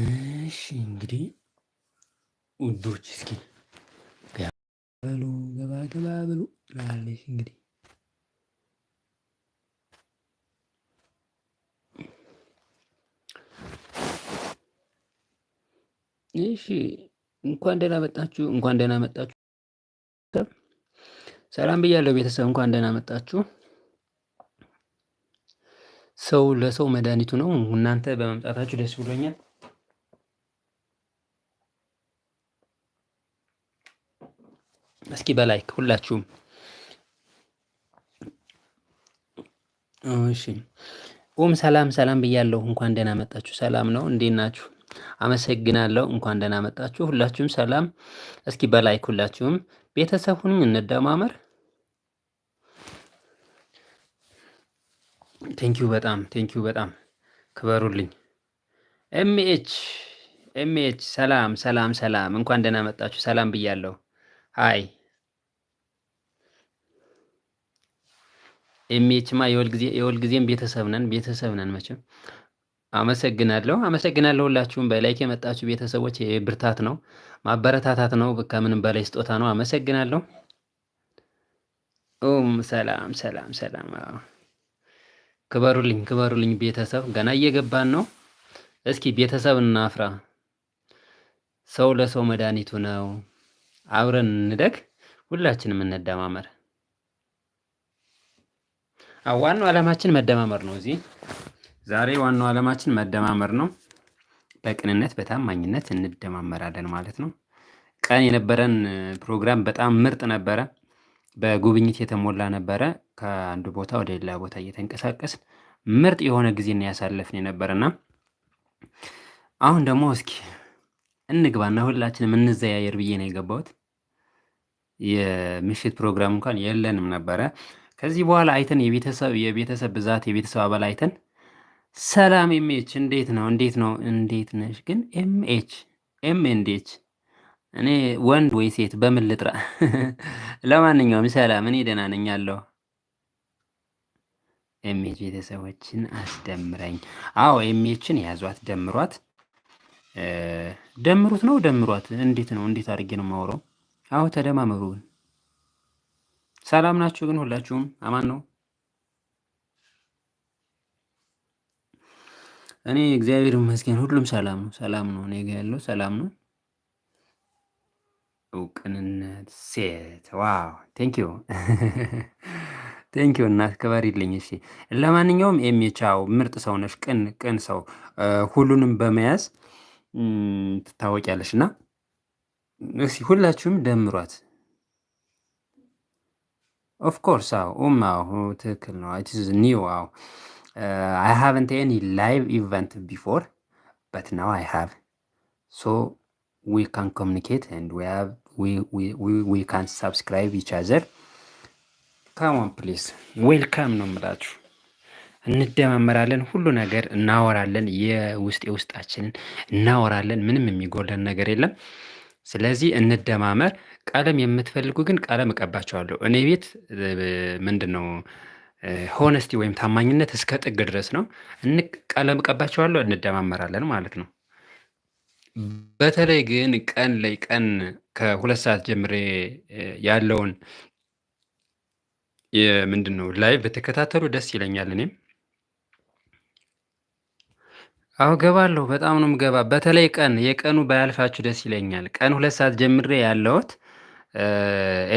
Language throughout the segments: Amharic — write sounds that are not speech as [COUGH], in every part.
እሺ እንግዲህ ውዶች እስኪ ገባበሉ ገባ ገባ በሉ ላለች እንግዲህ እሺ እንኳን ደህና መጣችሁ፣ እንኳን ደህና መጣችሁ። ሰላም ብያለሁ ቤተሰብ፣ እንኳን ደህና መጣችሁ። ሰው ለሰው መድኃኒቱ ነው። እናንተ በመምጣታችሁ ደስ ብሎኛል። እስኪ በላይክ ሁላችሁም። እሺ ኡም ሰላም ሰላም ብያለሁ። እንኳን ደህና መጣችሁ። ሰላም ነው፣ እንዴት ናችሁ? አመሰግናለሁ። እንኳን ደህና መጣችሁ ሁላችሁም። ሰላም እስኪ በላይክ ሁላችሁም። ቤተሰብ ሁኑኝ፣ እንደማመር ቴንኪዩ በጣም ቴንኪዩ በጣም ክበሩልኝ። ኤምኤች ኤምኤች ሰላም ሰላም ሰላም፣ እንኳን ደህና መጣችሁ። ሰላም ብያለሁ። ሀይ ኤምኤችማ የወልጊዜም ቤተሰብ ነን ቤተሰብ ነን መቼም። አመሰግናለሁ አመሰግናለሁ ሁላችሁም በላይክ የመጣችሁ ቤተሰቦች፣ ብርታት ነው ማበረታታት ነው ከምንም በላይ ስጦታ ነው። አመሰግናለሁ። ሰላም ሰላም ሰላም። ክበሩልኝ ክበሩልኝ ቤተሰብ፣ ገና እየገባን ነው። እስኪ ቤተሰብ እናፍራ። ሰው ለሰው መድኃኒቱ ነው። አብረን እንደግ፣ ሁላችንም እንደማመር ዋናው ዓላማችን መደማመር ነው። እዚህ ዛሬ ዋናው ዓላማችን መደማመር ነው። በቅንነት በታማኝነት እንደማመራለን ማለት ነው። ቀን የነበረን ፕሮግራም በጣም ምርጥ ነበረ። በጉብኝት የተሞላ ነበረ። ከአንዱ ቦታ ወደ ሌላ ቦታ እየተንቀሳቀስን ምርጥ የሆነ ጊዜ ያሳለፍን የነበረና አሁን ደግሞ እስኪ እንግባና ሁላችንም እንዘያየር ብዬ ነው የገባሁት። የምሽት ፕሮግራም እንኳን የለንም ነበረ። ከዚህ በኋላ አይተን የቤተሰብ የቤተሰብ ብዛት የቤተሰብ አባል አይተን ሰላም ኤምኤች እንዴት ነው እንዴት ነው እንዴት ነሽ? ግን ኤምኤች ኤም እንዴች እኔ ወንድ ወይ ሴት በምን ልጥራ? [LAUGHS] ለማንኛውም ሰላም፣ እኔ ደህና ነኝ አለው ኤምኤች ቤተሰቦችን አስደምረኝ። አዎ ኤምኤችን ያዟት፣ ደምሯት፣ ደምሩት ነው ደምሯት። እንዴት ነው እንዴት አድርጌ ነው ማውረው? አዎ ተደማመሩን ሰላም ናችሁ ግን ሁላችሁም አማን ነው? እኔ እግዚአብሔር ይመስገን ሁሉም ሰላም ነው። ሰላም ነው፣ እኔ ጋ ያለው ሰላም ነው። እውቅንነት ሴት ዋው! ቴንኪዩ እናት እና አስከባሪልኝ። እሺ ለማንኛውም ኤሚቻው ምርጥ ሰው ነሽ፣ ቅን ቅን ሰው ሁሉንም በመያዝ ትታወቂያለሽ እና እስኪ ሁላችሁም ደምሯት ኦፍኮርስ ኮርስ አዎ ኡማ አዎ ትክክል ነው። ኢት ኒው አዎ አይ ሃቭንት ኤኒ ላይቭ ኢቨንት ቢፎር በት ናው አይ ሃቭ ሶ ዊ ካን ኮሚኒኬት ኤንድ ዊ ካን ሳብስክራይብ ኢች አዘር ካሞን ፕሊዝ ዌልካም ነው የምላችሁ። እንደማመራለን፣ ሁሉ ነገር እናወራለን፣ የውስጥ የውስጣችንን እናወራለን። ምንም የሚጎለን ነገር የለም። ስለዚህ እንደማመር። ቀለም የምትፈልጉ ግን ቀለም እቀባቸዋለሁ። እኔ ቤት ምንድን ነው ሆነስቲ ወይም ታማኝነት እስከ ጥግ ድረስ ነው። ቀለም እቀባቸዋለሁ፣ እንደማመራለን ማለት ነው። በተለይ ግን ቀን ላይ ቀን ከሁለት ሰዓት ጀምሬ ያለውን ምንድን ነው ብትከታተሉ ደስ ይለኛል እኔም አዎ ገባለሁ። በጣም ነው ገባ። በተለይ ቀን የቀኑ ባያልፋችሁ ደስ ይለኛል ቀን ሁለት ሰዓት ጀምሬ ያለሁት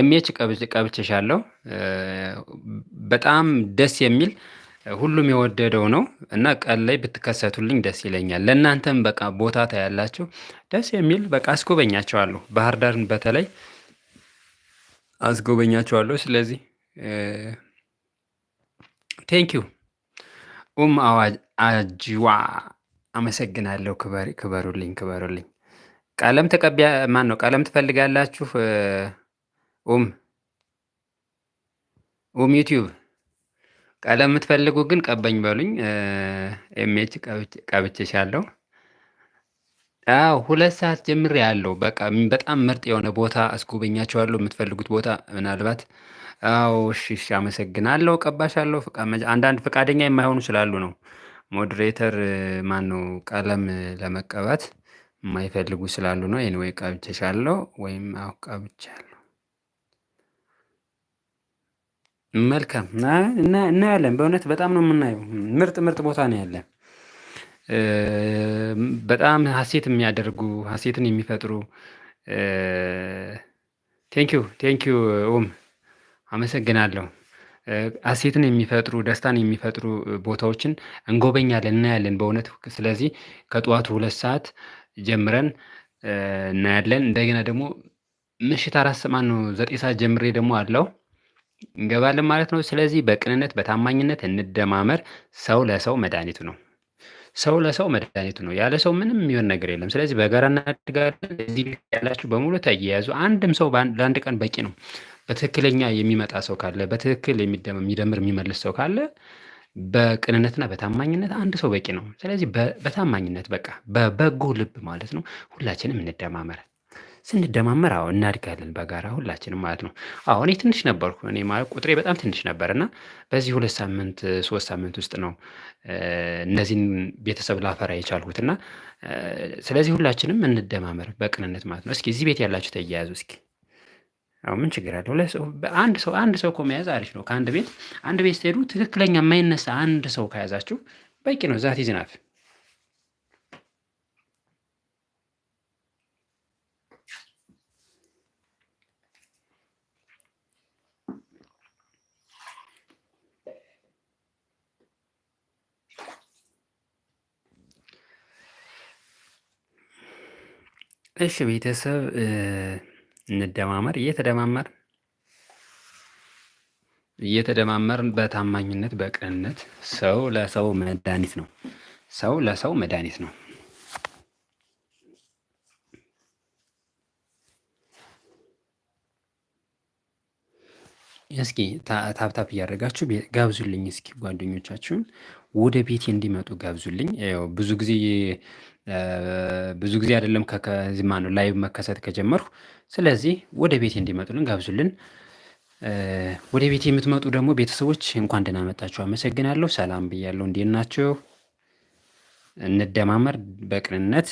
ኤምኤች ቀብቼሻለሁ። በጣም ደስ የሚል ሁሉም የወደደው ነው እና ቀን ላይ ብትከሰቱልኝ ደስ ይለኛል። ለእናንተም በቃ ቦታ ታያላችሁ ደስ የሚል በቃ አስጎበኛቸዋለሁ ባህር ዳርን በተለይ አስጎበኛቸዋለሁ። ስለዚህ ቴንኪዩ ኡም አዋጅ አጅዋ አመሰግናለሁ። ክበሩልኝ ክበሩልኝ። ቀለም ተቀቢያ ማን ነው? ቀለም ትፈልጋላችሁ? ኡም ኡም ዩቲዩብ ቀለም የምትፈልጉ ግን ቀበኝ በሉኝ። ኤምኤች ቀብቼሻለሁ። አዎ ሁለት ሰዓት ጀምር ያለው በቃ በጣም ምርጥ የሆነ ቦታ አስጎበኛቸዋለሁ። የምትፈልጉት ቦታ ምናልባት አዎ። እሺ፣ እሺ። አመሰግናለሁ። ቀባሻለሁ። አንዳንድ ፈቃደኛ የማይሆኑ ስላሉ ነው። ሞዴሬተር ማን ነው ቀለም ለመቀባት የማይፈልጉ ስላሉ ነው። ይህን ኤኒዌይ ቀብቼሻለሁ ወይም አዎ ቀብቻለሁ። መልካም እናያለን። በእውነት በጣም ነው የምናየው። ምርጥ ምርጥ ቦታ ነው ያለን። በጣም ሀሴት የሚያደርጉ ሀሴትን የሚፈጥሩ ቴንኪዩ ቴንኪዩ ኡም አመሰግናለሁ። አሴትን የሚፈጥሩ ደስታን የሚፈጥሩ ቦታዎችን እንጎበኛለን እናያለን በእውነት ስለዚህ ከጠዋቱ ሁለት ሰዓት ጀምረን እናያለን እንደገና ደግሞ ምሽት አራት ነው ዘጠኝ ሰዓት ጀምሬ ደግሞ አለው እንገባለን ማለት ነው። ስለዚህ በቅንነት በታማኝነት እንደማመር። ሰው ለሰው መድኃኒቱ ነው። ሰው ለሰው መድኃኒቱ ነው። ያለ ሰው ምንም የሚሆን ነገር የለም። ስለዚህ በጋራ እናድጋለን። እዚህ ያላችሁ በሙሉ ተያያዙ። አንድም ሰው ለአንድ ቀን በቂ ነው። በትክክለኛ የሚመጣ ሰው ካለ በትክክል የሚደምር የሚመልስ ሰው ካለ በቅንነትና በታማኝነት አንድ ሰው በቂ ነው። ስለዚህ በታማኝነት በቃ በበጎ ልብ ማለት ነው ሁላችንም እንደማመር። ስንደማመር አዎ እናድጋለን በጋራ ሁላችንም ማለት ነው። አዎ እኔ ትንሽ ነበርኩ። እኔ ማለት ቁጥሬ በጣም ትንሽ ነበር እና በዚህ ሁለት ሳምንት ሶስት ሳምንት ውስጥ ነው እነዚህን ቤተሰብ ላፈራ የቻልኩት እና ስለዚህ ሁላችንም እንደማመር በቅንነት ማለት ነው። እስኪ እዚህ ቤት ያላችሁ ተያያዙ እስኪ አሁን ምን ችግር አለው? አንድ ሰው አንድ ሰው እኮ መያዝ አሪፍ ነው። ከአንድ ቤት አንድ ቤት ስትሄዱ ትክክለኛ የማይነሳ አንድ ሰው ከያዛችሁ በቂ ነው። ዛት ይዝናፍ እሺ ቤተሰብ እንደማመር እየተደማመር እየተደማመር በታማኝነት በቅንነት ሰው ለሰው መድኃኒት ነው። ሰው ለሰው መድኃኒት ነው። እስኪ ታፕታፕ እያደረጋችሁ ጋብዙልኝ። እስኪ ጓደኞቻችሁን ወደ ቤቴ እንዲመጡ ጋብዙልኝ። ብዙ ጊዜ ብዙ ጊዜ አይደለም ከዚማ ነው ላይቭ መከሰት ከጀመርሁ። ስለዚህ ወደ ቤቴ እንዲመጡልን ጋብዙልን። ወደ ቤቴ የምትመጡ ደግሞ ቤተሰቦች እንኳን ደህና መጣችሁ። አመሰግናለሁ። ሰላም ብያለሁ። እንዴት እንደማመር፣ በቅንነት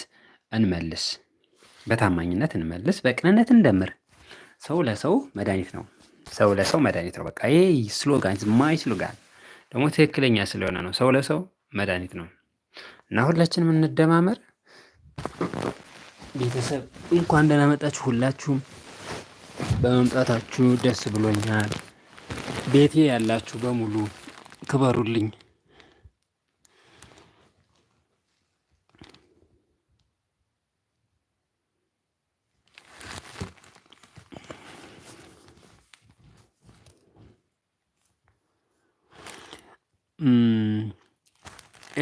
እንመልስ፣ በታማኝነት እንመልስ፣ በቅንነት እንደምር። ሰው ለሰው መድኃኒት ነው። ሰው ለሰው መድኃኒት ነው። በቃ ይሄ ስሎጋን ማይ ስሎጋን ደግሞ ትክክለኛ ስለሆነ ነው። ሰው ለሰው መድኃኒት ነው እና ሁላችንም እንደማመር። ቤተሰብ እንኳን ደህና መጣችሁ። ሁላችሁም በመምጣታችሁ ደስ ብሎኛል። ቤቴ ያላችሁ በሙሉ ክበሩልኝ።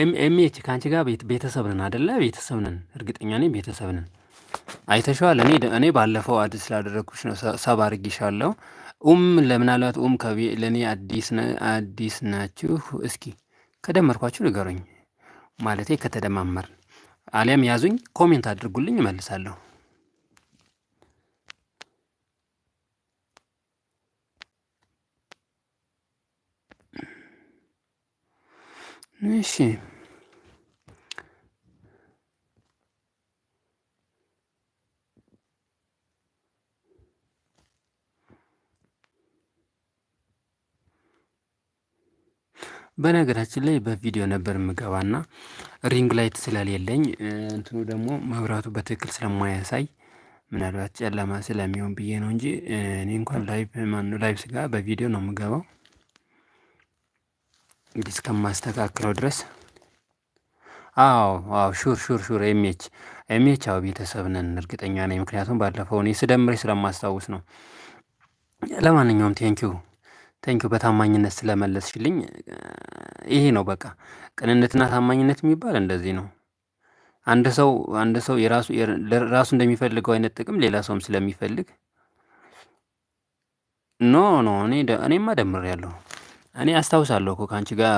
ኤምኤምኤች ከአንቺ ጋር ቤተሰብ ነን አደለ? ቤተሰብ ነን፣ እርግጠኛ ነኝ ቤተሰብ ነን። አይተሸዋል። እኔ እኔ ባለፈው አዲስ ስላደረግኩሽ ነው ሰብ አድርጊሻለሁ። ኡም ለምናልባት ኡም ለእኔ አዲስ ናችሁ። እስኪ ከደመርኳችሁ ንገሩኝ፣ ማለቴ ከተደማመር አሊያም ያዙኝ፣ ኮሜንት አድርጉልኝ፣ እመልሳለሁ። እሺ በነገራችን ላይ በቪዲዮ ነበር የምገባና ሪንግ ላይት ስለሌለኝ እንትኑ ደግሞ መብራቱ በትክክል ስለማያሳይ ምናልባት ጨለማ ስለሚሆን ብዬ ነው እንጂ እኔ እንኳን ላይቭ ማነው ላይቭ ስጋ በቪዲዮ ነው የምገባው። እንግዲህ እስከማስተካክለው ድረስ አዎ አዎ ሹር ሹር ሹር ኤምኤች ኤምኤች አዎ ቤተሰብ ነን እርግጠኛ ነኝ። ምክንያቱም ባለፈው እኔ ስደምሬ ስለማስታውስ ነው። ለማንኛውም ቴንኪው ቴንኪው በታማኝነት ስለመለስሽልኝ። ይሄ ነው በቃ ቅንነትና ታማኝነት የሚባል እንደዚህ ነው። አንድ ሰው አንድ ሰው የራሱ ራሱ እንደሚፈልገው አይነት ጥቅም ሌላ ሰውም ስለሚፈልግ ኖ ኖ እኔ እኔማ ደምሬያለሁ። እኔ አስታውሳለሁ እኮ ከአንቺ ጋር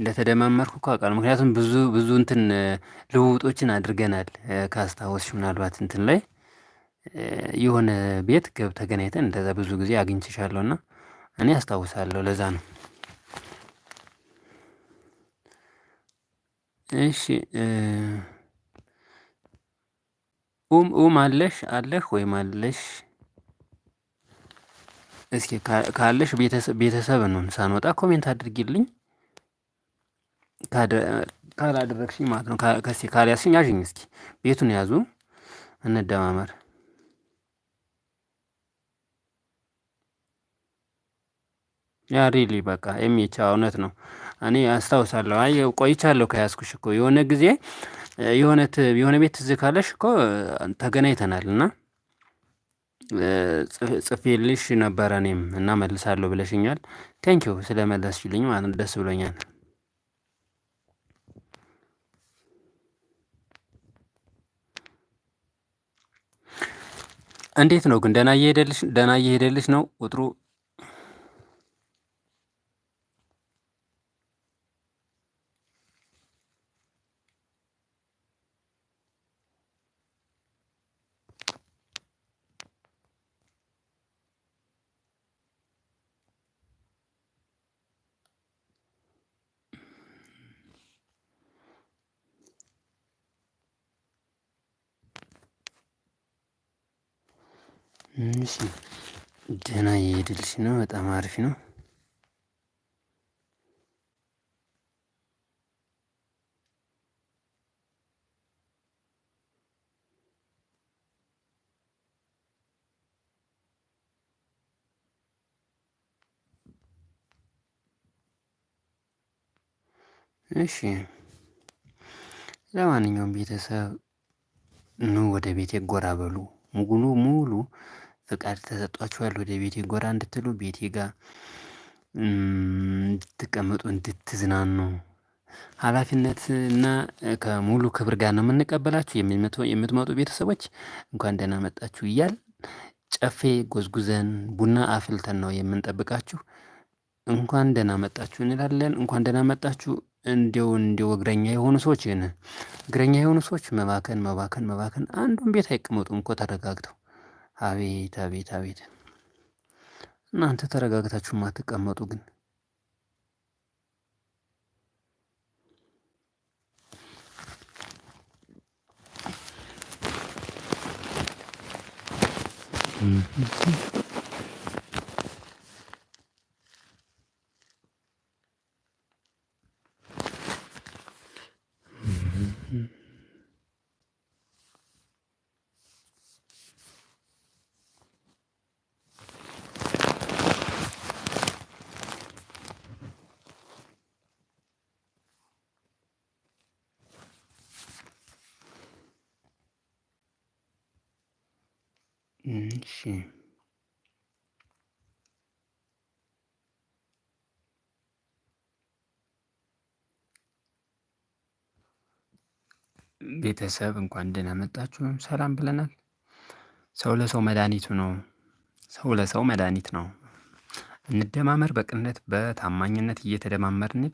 እንደተደማመርኩ እኮ አውቃለሁ። ምክንያቱም ብዙ ብዙ እንትን ልውውጦችን አድርገናል። ካስታወስሽ ምናልባት እንትን ላይ የሆነ ቤት ገብ ተገናኝተን እንደዛ ብዙ ጊዜ አግኝቼሻለሁ እና እኔ አስታውሳለሁ። ለዛ ነው። እሺ ኡም ኡም አለሽ አለህ ወይም አለሽ እስኪ ካለሽ ቤተሰብን ሳንወጣ ኮሜንት አድርጊልኝ። ካላደረግሽኝ ማለት ነው። ከስ ካልያዝሽኝ ያዥኝ። እስኪ ቤቱን ያዙ፣ እንደማመር ያ ሪሊ በቃ የሚቻ እውነት ነው። እኔ አስታውሳለሁ። አይ ቆይቻለሁ ከያዝኩሽ እኮ የሆነ ጊዜ የሆነ ቤት ትዝ ካለሽ እኮ ተገናኝተናል እና ጽፌልሽ ነበረ እኔም እና መልሳለሁ ብለሽኛል ቴንኪው ስለመለስሽልኝ ማለት ደስ ብሎኛል። እንዴት ነው ግን ደና እየሄደልሽ ደህና እየሄደልሽ ነው ቁጥሩ እሺ ደህና እየሄደልሽ ነው። በጣም አሪፍ ነው። እሺ ለማንኛውም ቤተሰብ ኑ ወደ ቤት ጎራ በሉ ሙሉ ሙሉ ፍቃድ ተሰጧችኋል ወደ ቤቴ ጎራ እንድትሉ ቤቴ ጋር እንድትቀመጡ እንድትዝናኑ ኃላፊነት እና ከሙሉ ክብር ጋር ነው የምንቀበላችሁ። የምትመጡ ቤተሰቦች እንኳን ደህና መጣችሁ እያል ጨፌ ጎዝጉዘን ቡና አፍልተን ነው የምንጠብቃችሁ። እንኳን ደህና መጣችሁ እንላለን። እንኳን ደህና መጣችሁ። እንዲው እንዲው እግረኛ የሆኑ ሰዎች እግረኛ የሆኑ ሰዎች መባከን መባከን መባከን አንዱን ቤት አይቀመጡም እኮ ተረጋግተው አቤት አቤት አቤት እናንተ ተረጋግታችሁ ማትቀመጡ ግን ቤተሰብ እንኳን ደህና መጣችሁ ሰላም ብለናል። ሰው ለሰው መድኃኒቱ ነው። ሰው ለሰው መድኃኒት ነው። እንደማመር በቅንነት በታማኝነት እየተደማመርን